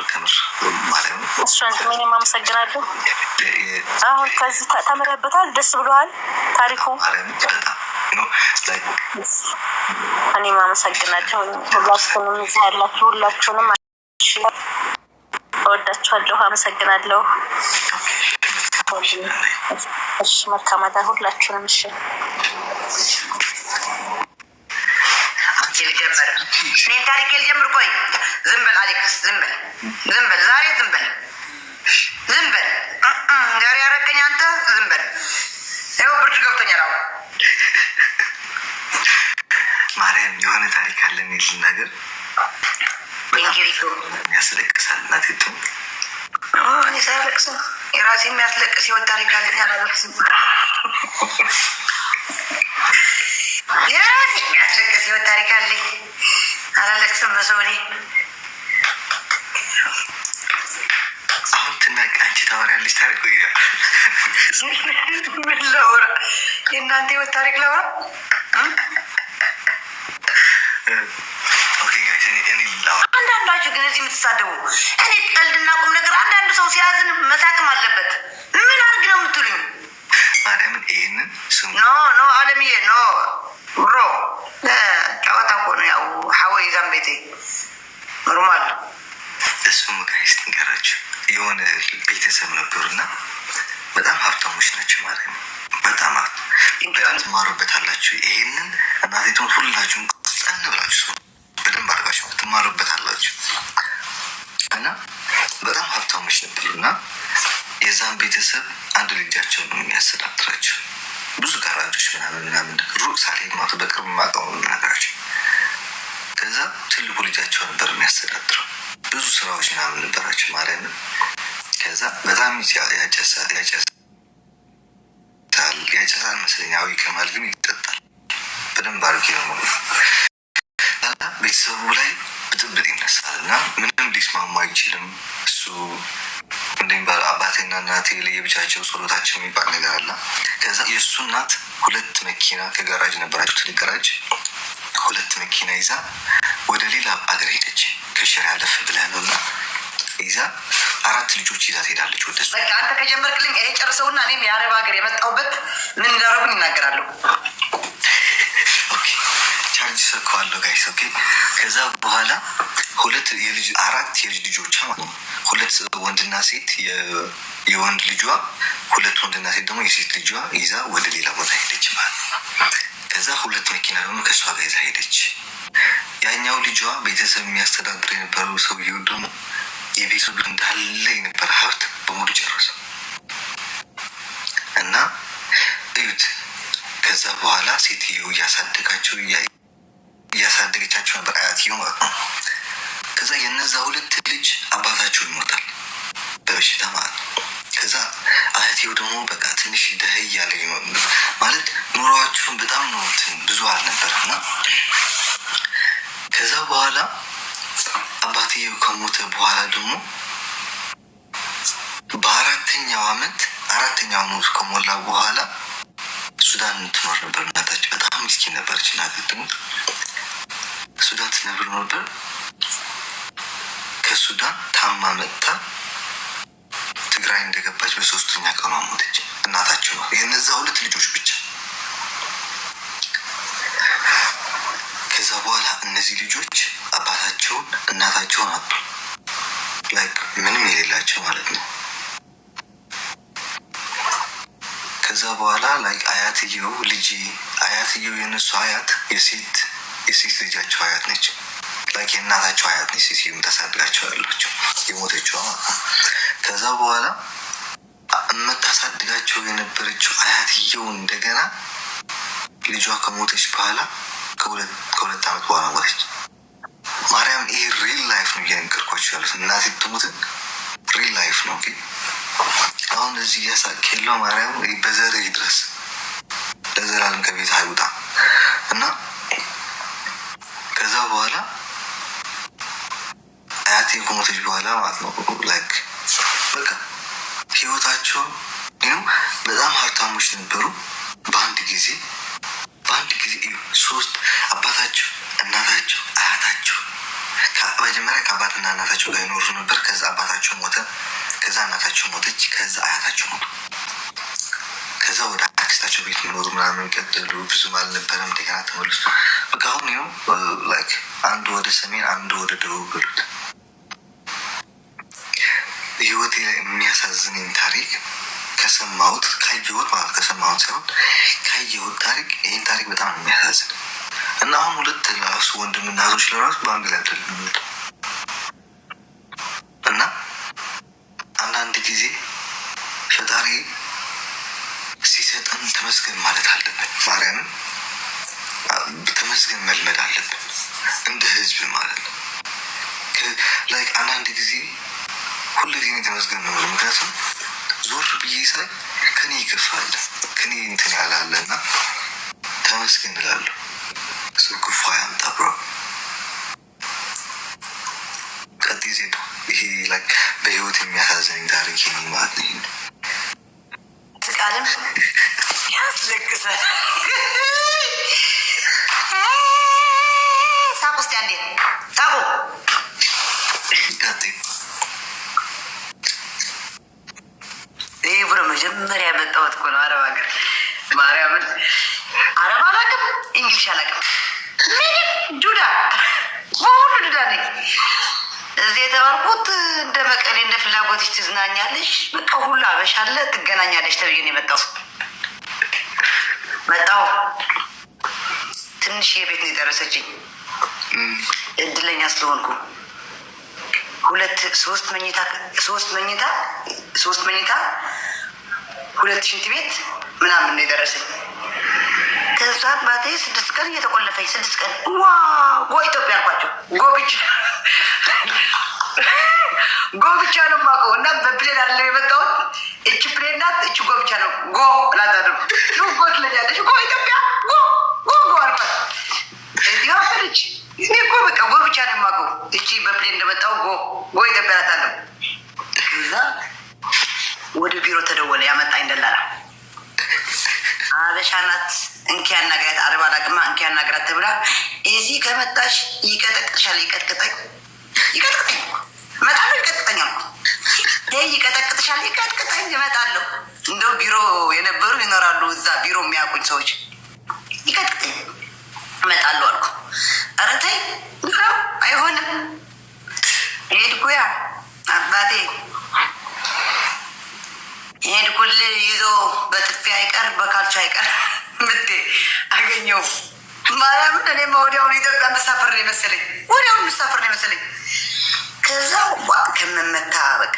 አመሰግናለሁ። ከምር ማለት ነው። እሱ ወንድሜ እኔም አመሰግናለሁ። አሁን ከዚህ ተምረህበታል፣ ደስ ብሎሃል ታሪኩ። እኔም አመሰግናለሁ። ሁላችሁንም እዚህ ያላችሁ ሁላችሁንም እወዳችኋለሁ። አመሰግናለሁ። እሺ መልካም አዳር ሁላችሁንም። እሺ ሲል ጀመረ። እኔ ታሪክ ልጀምር። ቆይ ዝም በል አሌክስ፣ ዝም በል ዝም በል ዛሬ ዝም በል ዝም በል ዛሬ ያረከኝ አንተ ዝም በል። ይኸው ብርድ ገብቶኛል አሁን። ማርያም የሆነ ታሪክ አለን እኔ ነገር ያስለቅሳል። እናቴቱ ሳያለቅስ የራሴ የሚያስለቅስ ህይወት ታሪክ አለ። ያላለቅስም የራሴ የሚያስለቅስ ህይወት ታሪክ አለኝ። አላለቅስም በሰው አሁን ትናቅ አንቺ ታወሪያለሽ ታሪክ ወይ ምን ላውራ? የእናንተ ህይወት ታሪክ ላውራ? አንዳንዳችሁ ግን እዚህ የምትሳደቡ እኔ ቀልድና ቁም ነገር አንዳንዱ ሰው ሲያዝን መሳቅም አለበት። ምን አድርግ ነው የምትሉኝ? ማርያምን ይህንን ኖ ኖ አለምዬ ኖ ብሮ ጨዋታ እኮ ነው። ያው ሀወ ይዛን ቤቴ ኖርማል እሱም ጋይስ ንገራችሁ የሆነ ቤተሰብ ነበሩና በጣም ሀብታሞች ናቸው ማለት ነው። በጣም በጣም ትማሩበታላችሁ። ይሄንን እናቴቶን ሁላችሁም ጸን ብላችሁ ሰው በደንብ አድርጋችሁ ትማሩበታላችሁ እና በጣም ሀብታሞች ነበሩና የዛን ቤተሰብ አንድ ልጃቸው ነው የሚያስተዳድራቸው ነበረች ምናምን ምናምን ሩቅ ሳልሄድ ማለት በቅርብ ማቀሙ ነገራቸው። ከዛ ትልቁ ልጃቸው ነበር የሚያስተዳድረው ብዙ ስራዎች ምናምን ነበራቸው ማርያም። ከዛ በጣም ያጨሳል ያጨሳል መሰለኝ አዊ ከማል ግን ይጠጣል በደንብ አድርጌ ነው ቤተሰቡ ላይ ብጥብጥ ይነሳል እና ምንም ሊስማማ አይችልም እሱ እንደም አባቴና እናቴ ለየብቻቸው ጸሎታቸው የሚባል ነገር አለ። ከዛ የእሱ እናት ሁለት መኪና ከጋራጅ ነበራቸው፣ ትልቅ ጋራጅ ሁለት መኪና ይዛ ወደ ሌላ አገር ሄደች። ከሽር ያለፍ ብለህ ነው እና ይዛ አራት ልጆች ይዛ ትሄዳለች። ወደ እሱ በቃ አንተ ከጀመርክልኝ ይሄ ጨርሰውና እኔም የአረብ ሀገር የመጣሁበት ምን እንዳረጉኝ ይናገራለሁ። ቻርጅ ሰከዋለሁ ጋይስ። ኦኬ ከዛ በኋላ ሁለት የልጅ አራት የልጅ ልጆች ማለት ነው ሁለት ወንድና ሴት የወንድ ልጇ ሁለት ወንድና ሴት ደግሞ የሴት ልጇ ይዛ ወደ ሌላ ቦታ ሄደች ማለት ነው። ከዛ ሁለት መኪና ደግሞ ከእሷ ጋር ይዛ ሄደች። ያኛው ልጇ ቤተሰብ የሚያስተዳድር የነበረው ሰውዬው ደግሞ የቤተሰብ እንዳለ የነበረ ሀብት በሙሉ ጨረሰ እና እዩት። ከዛ በኋላ ሴትዮ እያሳደጋቸው በጣም ነው ብዙ አልነበረ እና ከዛ በኋላ አባትየው ከሞተ በኋላ ደግሞ በአራተኛው አመት አራተኛው አመት ከሞላ በኋላ ሱዳን ትኖር ነበር። እናታቸው በጣም ምስኪን ነበረች። እናት ደግሞ ሱዳን ትነብር ነበር። ከሱዳን ታማ መጥታ ትግራይ እንደገባች በሶስተኛ ቀኗ ሞተች። እናታቸው ነው የነዛ ሁለት ልጆች ብቻ በኋላ እነዚህ ልጆች አባታቸውን እናታቸውን አጡ። ላይክ ምንም የሌላቸው ማለት ነው። ከዛ በኋላ ላይክ አያትየው ልጅ አያትየው የነሱ አያት የሴት የሴት ልጃቸው አያት ነች። ላይክ የእናታቸው አያት ነች። ሴት የምታሳድጋቸው ያላቸው የሞተችዋ ነው። ከዛ በኋላ የምታሳድጋቸው የነበረችው አያትየው እንደገና ልጇ ከሞተች በኋላ ከሁለት ከሁለት ዓመት በኋላ በፊት ማርያም፣ ይሄ ሪል ላይፍ ነው እየነገርኳቸው ያሉት እናቴ ትሙትን ሪል ላይፍ ነው። አሁን እዚህ እያሳቅ የለው ማርያም፣ በዘር ድረስ ለዘላለም ከቤት አይውጣ እና ከዛ በኋላ አያቴ ከሞተች በኋላ ማለት ነው ላይክ በቃ ህይወታቸውን በጣም ሀብታሞች ነበሩ በአንድ ጊዜ ሶስት አባታቸው እናታቸው አያታቸው መጀመሪያ ከአባትና እናታቸው ጋር ይኖሩ ነበር። ከዛ አባታቸው ሞተ፣ ከዛ እናታቸው ሞተች፣ ከዛ አያታቸው ሞቱ። ከዛ ወደ አክስታቸው ቤት መኖሩ ምናምን ቀጥሉ ብዙም አልነበረም። እንደገና ተመልሱ። አሁን ላይክ አንዱ ወደ ሰሜን አንዱ ወደ ደቡብ ብሉት። ህይወቴ ላይ የሚያሳዝነኝ ታሪክ ከሰማሁት ካየሁት ማለት ከሰማሁት ሳይሆን ካየሁት ታሪክ ይህን ታሪክ በጣም ነው የሚያሳዝን እና አሁን ሁለት ለራሱ ወንድምና እህቶች ለራሱ በአንድ ላይ አይደለም የሚወጣው እና አንዳንድ ጊዜ ፈጣሪ ሲሰጠን ተመስገን ማለት አለብን። ማርያምን ተመስገን መልመድ አለብን እንደ ህዝብ ማለት ነው። ላይ አንዳንድ ጊዜ ሁሉ ጊዜ ተመስገን ነው ምክንያቱም ጊዜ ከኔ ይገፋል ከኔ እንትን ያላለ እና ተመስገን እላለሁ። እሱ ክፉ አያምጣ ብሮ ቀጥ ጊዜ ነው ይሄ ላይ በህይወት የሚያሳዝን ። ታሪክ ማለት ነው። ቃልም ያስለቅሳል። ሳቁ አንዴ ሳቁ መጀመሪያ የመጣሁት እኮ ነው አረብ ሀገር። ማርያምን አረብ አላውቅም፣ እንግሊሽ አላውቅም፣ ምንም ዱዳ በሁሉ ዱዳ ነኝ። እዚህ የተባልኩት እንደ መቀሌ እንደ ፍላጎት ትዝናኛለሽ፣ በቃ ሁሉ አበሻለ ትገናኛለሽ ተብዬ ነው የመጣሁት። መጣሁ ትንሽ የቤት ነው የደረሰችኝ። እድለኛ ስለሆንኩ ሁለት ሶስት መኝታ ሶስት መኝታ ሶስት መኝታ ሁለት ሽንት ቤት ምናምን ነው የደረሰኝ። ከዛ አባቴ ስድስት ቀን እየተቆለፈኝ ስድስት ቀን ዋ ጎ ኢትዮጵያ አልኳቸው። ጎ ጎብቻ ነው የማውቀው እና በፕሌን አለ የመጣሁት። እች ፕሌን ናት። እች ጎብቻ ነው። ጎ ላታድር ጎ ትለኛለች ጎ እንዳናገር አትብላ። እዚህ ከመጣሽ ይቀጠቅጥሻል። ይቀጥቅጠኝ ይቀጥቅጠኝ እመጣለሁ። ይቀጥቅጠኝ አልኩ። ይቀጠቅጥሻል። ይቀጥቅጠኝ እመጣለሁ። እንደው ቢሮ የነበሩ ይኖራሉ እዛ ቢሮ የሚያውቁኝ ሰዎች ይቀጥቅጠኝ እመጣለሁ አልኩ። ኧረ ተይ አይሆንም። ሄድኩያ አባቴ ሄድኩል ይዞ በጥፊ አይቀር በካልቻ አይቀር ምቴ አገኘው። ማርያምን እኔማ ወዲያውኑ ኢትዮጵያ ምሳፍር ነው የመሰለኝ ወዲያውኑ ምሳፍር ነው የመሰለኝ ከዛው ከመመታ በቃ